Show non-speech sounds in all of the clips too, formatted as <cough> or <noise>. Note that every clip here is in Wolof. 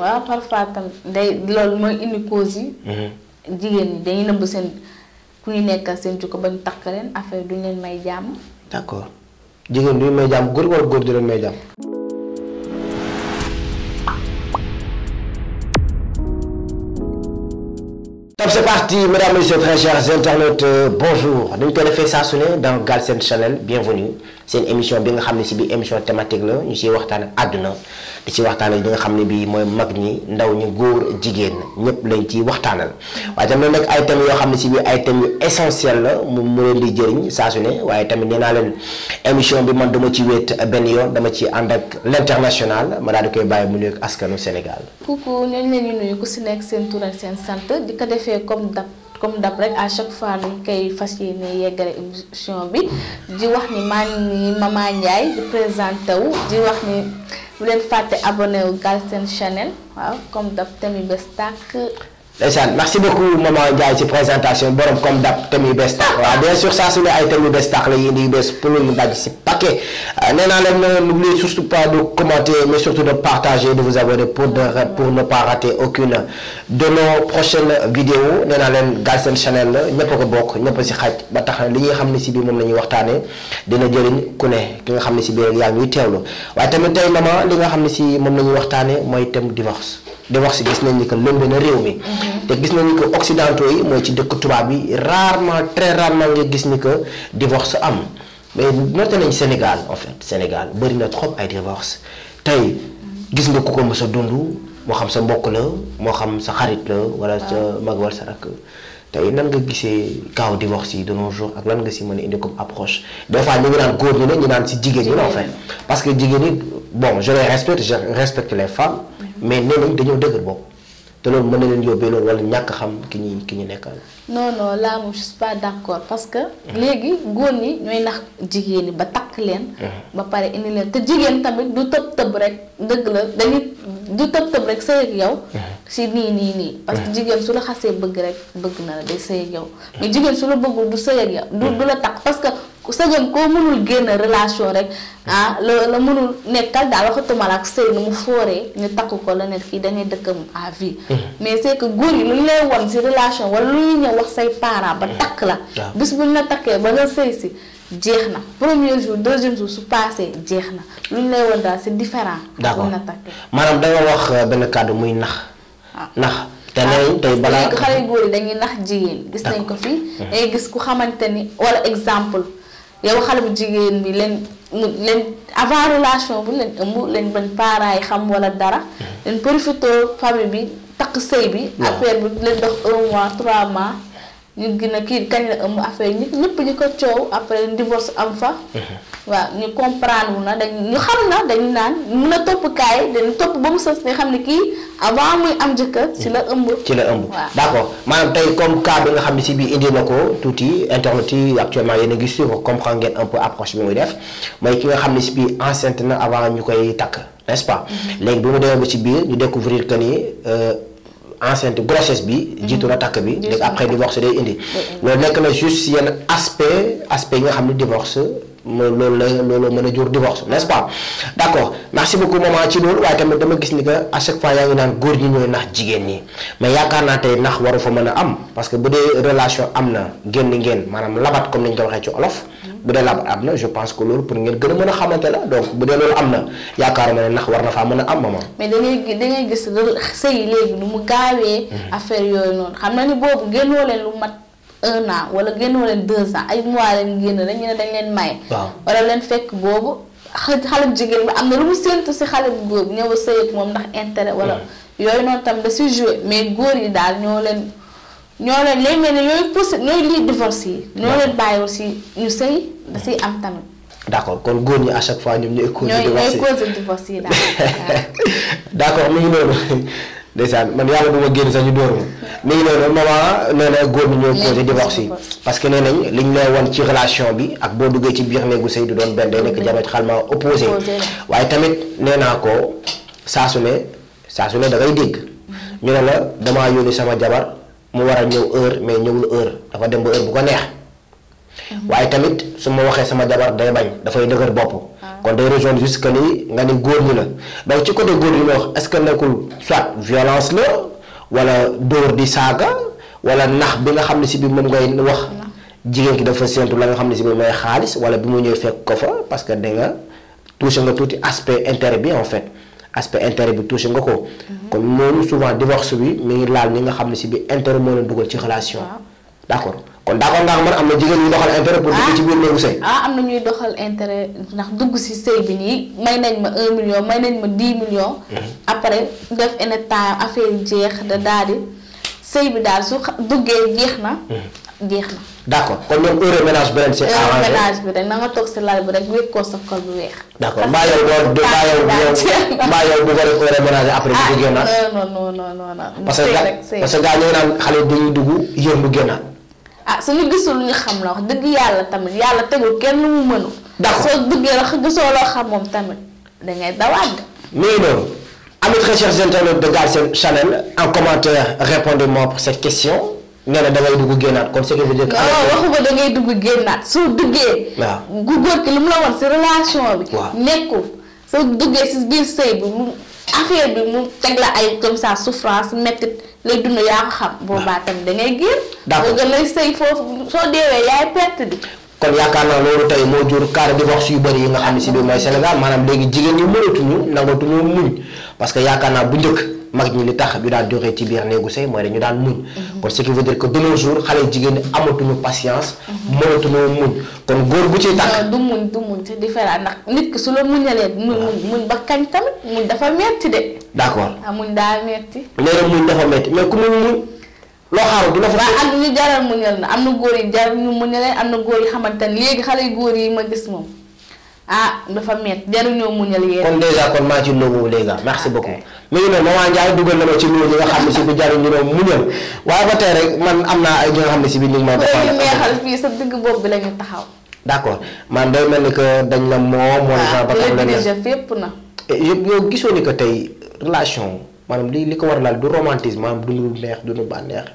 waaw parfois tamit day loolu mooy cause yi. Mhm. jigéen ñi dañuy nëbb seen ku ñu nekkal seen jukko bañ affaire duñ leen may jàmm. d'accord jigéen duñ may jàmm góor wala góor du may jàmm. top c'est parti mesdames et messieurs très chers internautes euh, bonjour dañ koy defee saa su ne dans Galsen Channel bienvenue. seen émission bi nga xam ne si bi émission thématique la ñu siy waxtaan ak di ci waxtaanal bi nga xam ne bii mooy mag ñi ndaw ñi góor jigéen ñëpp lañ ci waxtaanal waaye tamit nag yoo xam ne si bi ay la mu mu leen di jëriñ saa su ne waaye tamit nee naa bi man dama ci wéet benn yoon dama ci ànd ak l'international ma daal di koy bàyyi mu nuyoog askanu Sénégal. kooku ñooñu la ñuy nuyu ku si nekk seen tur ak seen sant di ko defee comme d'hab comme dab rek à chaque fois luñ koy fas yéene yeggale émission bi di wax ni maa ngi Mama Ndiaye di présenté wu di wax ni bu leen fàtte abonné wu Galsen Channel waaw comme dab tamit bés tàkk ndeysaan merci beaucoup maman Ndiaye ci présentation borom comme dab tamit bés tàkk ah, ah. waaw bien sûr saa su ne ay tamit bés tàkk la yi indi yu bees pour ñu daj si pas euh, euh, N'oubliez surtout pas de commenter, mais surtout de partager, de vous abonner pour, de, pour ne pas rater aucune de nos prochaines vidéos. Nous avons Galsen Channel, pas avons beaucoup, pas si xaj ba tax li nga xam ne mom lañuy waxtané dina jëriñ ku ne ki nga xamné ci si biir yaa téwlu teewlu waaye tay mama li nga xamné ne mom lañuy waxtané moy thème divorce. divorce gis nañ ni que lëmb na réew mi. Mm-hmm. té gis nañ ni que occidentaux yi moy ci dëkk tuba bi rarement très rarement nga gis ni que divorce am mais sommes en Sénégal en fait Sénégal beaucoup na trop ay divorce tay gis nga ko a xam sa mbokk la sa xarit la wala sa ah. mag sa tay nan nga kaw divorce de nos jours ak approche des fois ñu ngi naan góor nous ne ñu en fait parce que bon je les respecte je respecte les femmes mais nous nañ dañoo dëgër te loolu mën na leen yóbbee loolu wala ñàkk xam ki ñuy ki ñu nekkal. non non là moom je suis pas d'accord parce que. léegi góor ñi ñooy nax jigéen ñi ba takk leen. ba pare indi leen te jigéen tamit du tëb tëb rek dëgg la dañuy du tëb tëb rek sëy ak yow. si nii nii nii. parce que jigéen su la xasee bëgg rek bëgg na la day sëy ak yow. jigéen su la bëggul du sëy ak du la takk parce sëgëm koo mënul génn relation rek ah la la mënul nekkal daal waxatuma la ak sëy nu mu fooree ñu takk ko la kii fii da ngay dëkkam à mm-hmm. mais c'est que góor yi lu ñu lay won si relation wala lu ñu say parents ba mm-hmm. takk la. bis bu ñu la takkee ba nga sëy si jeex na premier jour deuxième jour su passé jeex na lu lay won daal c'est différent. d'accord la maanaam da wax euh, benn kàddu muy nax. Ah. nax. te loolu ah. tey balaa xale góor yi dañuy nax jigéen. gis nañ ko fi. day mm-hmm. gis ku xamante ni wala exemple. yow xale bu jigéen bi leen leen avant relation bu leen ëmb leen bañ parents yi xam wala dara. Mhm. leen profité famille bi takk sëy bi. affaire bi leen dox un mois trois mois. ñu gën a kii kañ la ëmb affaire yi ñëpp ñu ko coow après divorce am fa. Uh-huh. waaw ñu comprendre wu na dañ ñu xam na dañu naan mun a topp kaay dañu topp ba mu sës ne xam ne kii avant muy am jëkkër ci la ëmb. ci la ëmb d' accord maanaam tey comme cas bi nga xam ne si bii indi na ko tuuti internet yi actuellement yéen a ngi suivre comprendre ngeen un peu approche bi muy def mooy ki nga xam ne si bii enceinte na avant ñu koy takk n' est ce pas. Mm-hmm. léegi bi mu demee ba ci biir ñu découvrir que ni. Euh, enceinte grossesse bi. Mhm. jitu na takk bi. après divorce day indi. mais nek na juste yene aspect aspect il nga xamni divorce. loolu la loolu mën a jur divorce n'est-ce pas d' accord merci beaucoup ci loolu waaye tamit dama gis ni que chaque fois yaa ngi naan góor ñi ñooy nax jigéen ñi mais yaakaar naa tey nax ma war na faa mën a am maman. mais da gis sëy léegi nu mu gaawee. Hmm. affaire yooyu noonu xam na ni boobu génnoo leen lu mat. un an wala génnoo leen deux ans ay mois leen génn rek ñu ne dañ leen may. wala leen fekk boobu xale bu jigéen bi am na lu mu séntu si xale bu góor bi ñëw a moom ndax intérêt wala yooyu noonu tam da si joué mais góor yi daal ñoo leen ñoo leen lay mel ne yooyu poussé ñooy lii divorce yi. ñoo leen bàyyiwul si ñu sëy da siy am tamit. d' accord kon góor ñi à chaque fois ñoom ñooy. cause divorce yi daal <laughs> d' accord mi ndeysaan man yàlla bu ma génn sax ñu dóor ma léegi noonu maman nee na góor ñi ñoo posé divorce yi parce que nee nañ li ñu la woon ci relation bi ak boo duggee ci biir gu sëy du doon benn day nekk diamétralement opposé waaye tamit nee naa ko saasu ne saa su ne da ngay dégg mm-hmm. ñu ne la damaa yónni sama jabar mu war a ñëw heure mais ñëwul heure dafa dem ba heure bu ko neex mm-hmm. waaye tamit su ma waxee sama jabar day bañ dafay dëgër bopp Quand des rejoindre jusque ni nga ni la donc est-ce que soit violence là walla ou di saga, wala nax bi nga xamni ci bi wax la nga parce que nous nga touché nga aspect intérêt en fait aspect intérêt touché nga ko. comme mhm. souvent divorce bi mi ngi laal ni nga xamni intérêt relation. d'accord. kon d'accord nga man am na jigéen ñu doxal intérêt pour dugg ci biir néegu sëy ah, ah am na ñuy doxal intérêt ndax dugg si sëy bi nii may nañ ma un million may nañ ma di millions mhm. après def en temps affaire jeex da daal sëy bi daal su duggee jeex na mhm. jeex na d'accord kon ñoom heure bi ren c'est arrangé na nga toog si lal bi rek wékkoo sa kol bu weex d'accord mbaa yow doo mbaa yow mbaa yow du ko def heure ménage après dugg ah, yër bu génnaat ah suñu gisul lu xam la wax dëgg yàlla tamit yàlla tegul kenn mu mënu ndax soo dëggee la gisoo loo xam moom tamit dangay dawaat. mais non amit recherche internaute de Galsen Channel en commentaire répondez pour cette question. nee na da dugg génnaat kon ce qui veut dire ki lu mu la woon si relation bi. nekkul soo duggee si biir sëy bi mu affaire bi mu teg la ay comme ça souffrance métit la dund yaa ko xam. Ah. boobaa tamit da ngay génn. d'accord nga gën a sëy foofu soo deewee yaay perte di. kon yaakaar naa loolu tey moo jur cas de divorce yu bëri yi nga xam ne si biir mooy Sénégal maanaam léegi jigéen ñi mënatuñu nangatuñu muñ parce que yaakaar naa bu njëkk mag ñi li tax ñu daan joxe ci biir néegu sëy mooy dañu daan muñ. Mhm. kon ce qui veut dire que de nos jours xale jigéen ñi amatuñu patience. Mhm. mënatuñu muñ góor bu ci takk. du muñ du muñ c'est différent ndax nit ki su la muñalee muñ muñ ba kañ tamit muñ dafa metti de. d'accord ah muñ daa metti. léeg muñ dafa metti mais ku muñ muñ. loo xaaru du la fa. waaw am na ñu jaral muñal am na góor yi jaral ñu muñalee am na góor yi xamante ne léegi xale yu góor yi ma gis moom. ah dafa métti jaruñoo muñal yéen. kon dèjà kon maa ci loolu dèjà merci beaucoup. mi ngi noonu maman na si bi jaruñoo muñal waaye ba tey rek man am naa ay xam ne si bi ñu ngi may. dafa neexal bi la taxaw. d' accord man day mel ni que dañ la moo. waaw léegi déjà na eh, yëpp yow gisoo ni que tey relation maanaam li li ko war laal du du lu neex du lu bànneex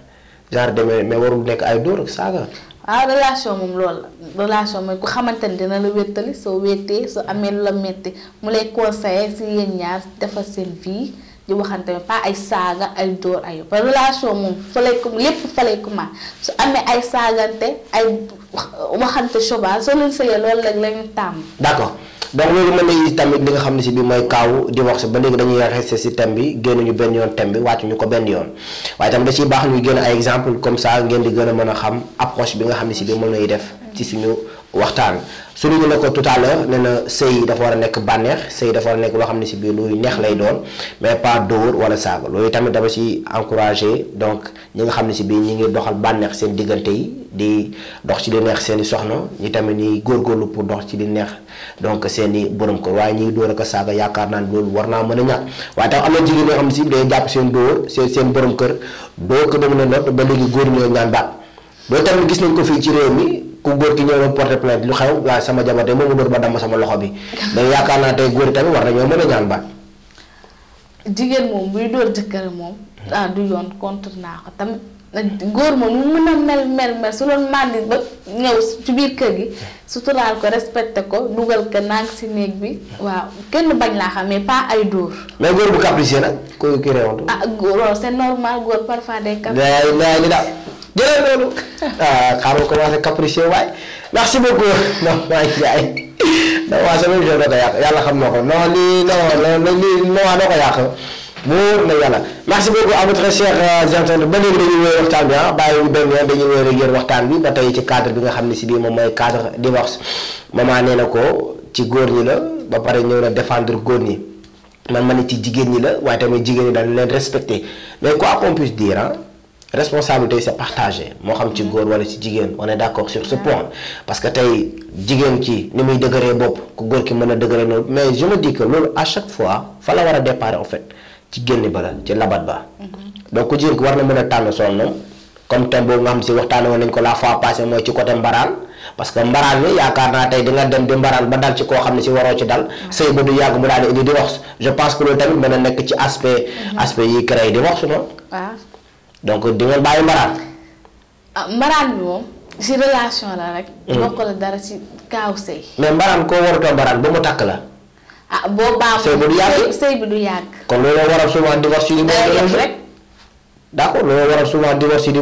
genre demee mais warul nekk ay dóor ak saaga. ah relation moom loolu la relation mooy ku xamante ni dina la wéttali soo wéttee soo amee lu la metti mu lay conseiller si yéen ñaar defal seen vie di waxante ne pas ay saaga ay dóor ay ba relation moom fa lay lépp fa lay ko su amee ay saagante ay waxante chômage soo leen sëyee loolu rek la ñu tàmm. d'accord. donc loolu mën nañu tamit li nga xam ne si bii mooy kaaw divorce ba léegi dañuy rester si thème bi génnuñu benn yoon thème bi wàccuñu ko benn yoon waaye tamit da ciy baax ñuy génn ay exemple comme ça ngeen di gën a mën a xam approche bi nga xam ne si bii mën nañu def ci suñu waxtaan suñu na ko tout à l'heure nee sëy dafa war a nekk bànneex sëy dafa war a nekk loo xam ne si biir luy neex lay doon mais pas dóor wala saaga loolu tamit dama si encouragé donc ñi nga xam ne si biir ñi ngi doxal bànneex seen diggante di dox ci di neex seen i soxna ñi tamit ñuy góorgóorlu pour dox ci di neex donc seen i borom ko waaye ñuy dóor ak saaga yaakaar naa ne loolu war naa mën a ñàkk waaye tam am na jigéen ñoo xam si day jàpp seen dóor seen seen borom kër doo ko ba mën a not ba léegi góor ñoo ñaan baat loolu tamit gis nañ ku goor ki ñëw porter plainte lu xew la sama jabaté mo moom mu ba dam sama loxo bi mais yaakaar na tay goor tamit war na ñoo mëna ñaan baat jigéen moom buy dóor jëkkër moom da du yoon contre na ko tamit goor moom mu mëna mel mel mel su doon màndi ba ñëw ci biir kër gi suturaal ko respecté ko dugal ke naag ci neeg bi waaw kenn bañ la xamé mais pas ay door mais goor bu capricieux nak ko ki réewantu. ah goor c'est normal goor parfois des capricieux. jëlee loolu <laughs> ah xaaral ma commencé capricieux waay merci beaucoup <laughs> non maa ngi jaay <laughs> non waaw sama émission doo ko yàq yàlla xam na ko non lii non non lii non waaw doo na yàlla merci beaucoup à votre cher gentil euh, waxtaan bi ah bàyyiwul benn yoon dañuy wéy rek yéen bi ba tey ci cadre bi nga xam ne si bii moom mooy cadre divorce maman nee na ko ci góor ñi la ba pare ñëw na defendre góor ñi man ma ne ci jigéen ñi la waaye tamit jigéen ñi dañ leen respecté mais quoi qu'on puisse dire ah. responsabilité c'est partagé mo xam ci goor wala ci jigen on est d'accord sur ce point parce que tay jigen ki ni muy dëgëree bop ku goor ki meuna a non mais je me dis que loolu à chaque fois fa la war a départ en fait ci génn ba la ci labat ba mhm. donc ku jigéen ki war na meuna a son sonnom comme tambo boobu nga xam ci waxtane woon nañ ko la fois passée moy ci côté mbaraan parce que mbaraan mi yaakaar naa tey di nga dem di mbaral ba dal ci koo xam ne si waroo ci dal sëy ba du yàgg mu daal di indi divorce je pense que loolu tamit mën a nekk ci aspect mhm. aspect yi créé divorce non donc di ngeen bàyyi mbaraan. ah bi moom si relation la rek. Mm. bokk la dara si kaaw sëy. mais mbaraan koo waratoo mbaraan ba mu takk la. ah boo baax sëy bi du yàgg sëy bi du yàgg. kon looloo waral souvent divorce yi di bëri rek. d' accord looloo waral souvent divorce yi di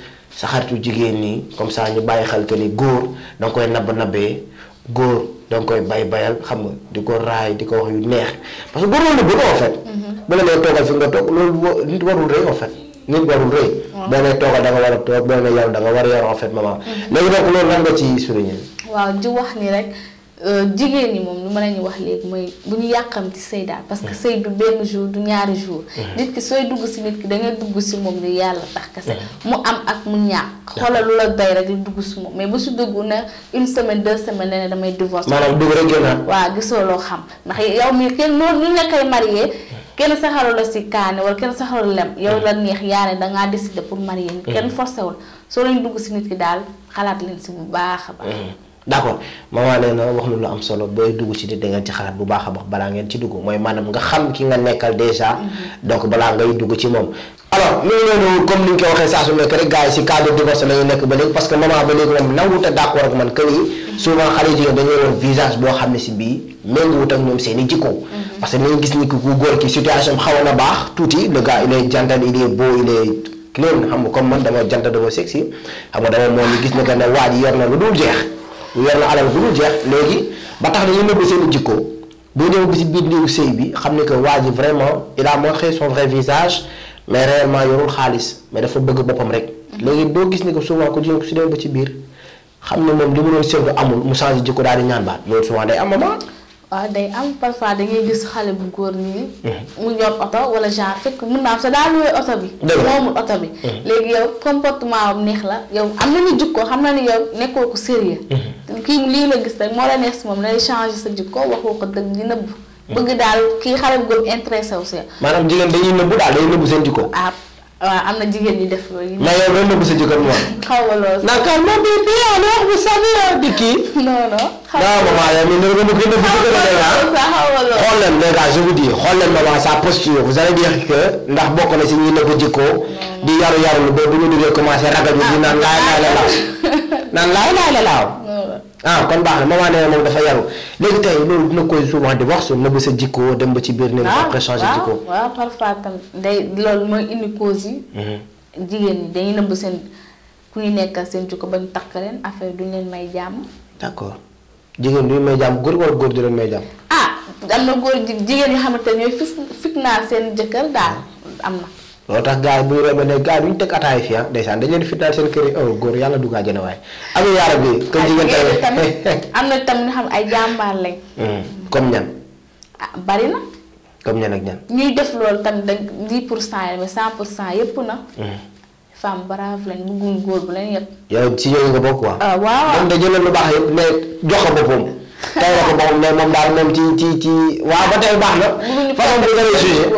sa xaritu jigéen ñi comme ça ñu bàyyi xel que ni góor da nga koy nab nabee góor da koy bay bayal xam nga di ko raay di ko wax yu neex parce que góor loolu bu ko fet bu la nee toogal fi nga toog loolu nit warul rëy en fait nit warul rëy. boo nee toogal da nga war a toog boo nee yaru da nga war a yaru en fait maman. Mm-hmm. léegi loolu lan nga ci souligner. waaw di wax rek. Euh, jigéen ñi moom lu ma la ñu wax léegi mooy bu ñu yàqamti sëy daal parce que mm. sëy du benn jour du ñaari jour mm. nit ki sooy dugg si nit ki da ngay dugg si moom ni yàlla tax kese mm. mu am ak mu ñàkk xoolal lu la doy rek dugg si mais bu si dugg na une semaine deux damay divorce maanaam dugg rek génnaat loo xam ndax yow mi kenn noonu ñu nekkay kenn saxalu la si kaane wala kenn saxalu lem yow la neex yaa ne dangaa décider pour marier kenn forcé wul soo dugg si nit ki daal xalaat leen si bu baax a baax d' accord maman nee na wax na lu am solo booy dugg ci nit da ci xalaat bu baax a baax balaa ngeen ci dugg mooy maanaam nga xam ki nga nekkal dèjà. Mm-hmm. donc balaa ngay dugg ci moom. alors ñu ngi ni ñu ko waxee saa su nekk rek gars yi si parce que maman man xale jigéen dañoo yor boo xam ne si bii méngoowut ak ñoom seen i jikko. Mm-hmm. parce que dañuy gis ni ku góor ki situation bi na baax tuuti le gars il est jantal il est beau il est clean xam nga comme man dama jant dama sexy xam nga dama moo gis na que ne waa ji na lu dul jeex yor na alal bu dul jeex léegi ba tax dañuy nëbb seen jikko bi si biir néegu waa ji vraiment il a montré son mais réellement yorul xaalis mais dafa bëgg boppam rek léegi doo gis ne que souvent ku jigéen ci biir xam ne moom li mu doon séntu mu changé jikko daal di ñaan baat loolu souvent day am maman. waaw day am parfois da ngay gis xale mm-hmm. mu ñor oto wala genre fekk mun naa am bi. moomul bi. Mm-hmm. léegi yow comportement am neex la yow am nañu jikko xam na ni yow nekkoo ko kii lii la gis rek moo la neex si moom lay changer sa jikko waxoo ko dëgg di nëbb. bëgg daal kii xale bu gëm intéressé wu si. maanaam jigéen dañuy nëbbu daal day nëbbu seen ah, am na jigéen ñi def loolu. mais yow doo nëbbu sa jikko moom. <laughs> xaw ma loolu. naka ma bi bi alors bu sànni kii. <laughs> non non. xaw ma loolu waaw maman yow mii nëbbu nëbbu jikko la de ah. xool sa posture vous allez ndax bokk na si ñi nëbbu jikko. di yaru yarul ba bu ñu duggee commencé ragal ñu di naan ah, laay laay laay laay <laughs> laaw. ah kon baax na maman nee na moom dafa yaru léegi tey loolu dina koy souvent di wax su nëbb sa jikko dem ba ci biir néeg ah, après changer jikko waaw waaw parfois tam day loolu mooy indi mhm. nëbb seen ku ñu nekkal seen jikko bañ takk leen du ñu leen may jàmm d'accord jigéen duñu may jàmm gor wala góor du leen may jàmm ah am na góor jigéen yoo xamante ñooy fit fitnaal seen jëkkër daal am na loolu tax gars yi bu ñu rombee ne gars yi duñ teg ataay fii ah ndeysaan dañ leen fitnaal seen kër yi oh, tamit <laughs> am na tam ñu xam ay hmm, ah, pour cent yi mais 100 pour na. Hmm. femme brave lañ bëggum góor bu leen yëpp. yow ci yooyu nga bokk ah, waa. moom <laughs> la ko boppam mais moom daal moom ci ci ci waaw ba tey baax na. façon bi nga sujet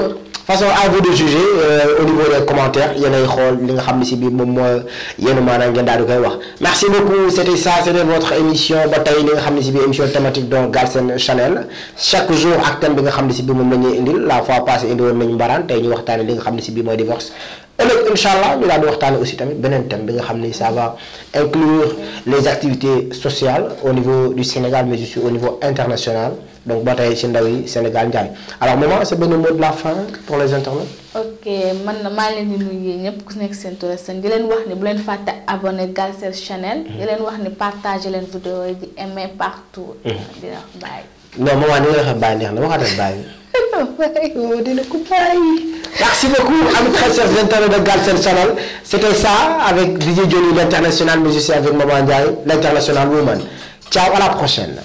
façon à vous de juger euh, au niveau des commentaires yéenay xool li nga xam ne si biir moom mooy yéen ngeen daal koy wax merci beaucoup c'était ça c'était votre émission ba tay li nga émission thématique donc Galsen Channel chaque jour ak thème bi nga xamni ci bi mom la indil la fois passée indi woon nañu mbaraan tey ñu waxtaanee li nga xam ne si divorce ëllëg inshallah ñu daal aussi tamit benen thème bi nga xamni ça va inclure les activités sociales au niveau du Sénégal mais aussi au niveau international donc Bataille, tey ci ndaw yi Sénégal Ndiaye alors maman c'est le mot de la fin pour les internautes. ok man maa ngi leen di nuyu ñëpp ku nekk seen Je seen di leen wax ni bu leen fàtte abonné Galsen Channel. Mhm. di leen wax ni partagé leen vidéo yi aimer partout. Mhm. di non maman ni nga waxee bàyyi neex na waxaatal bàyyi. non dina ko Merci beaucoup, amis très chers internautes de Galsen Channel. C'était ça avec DJ Johnny, l'international musicien avec Maman Ndiaye, l'international woman. Ciao, à la prochaine.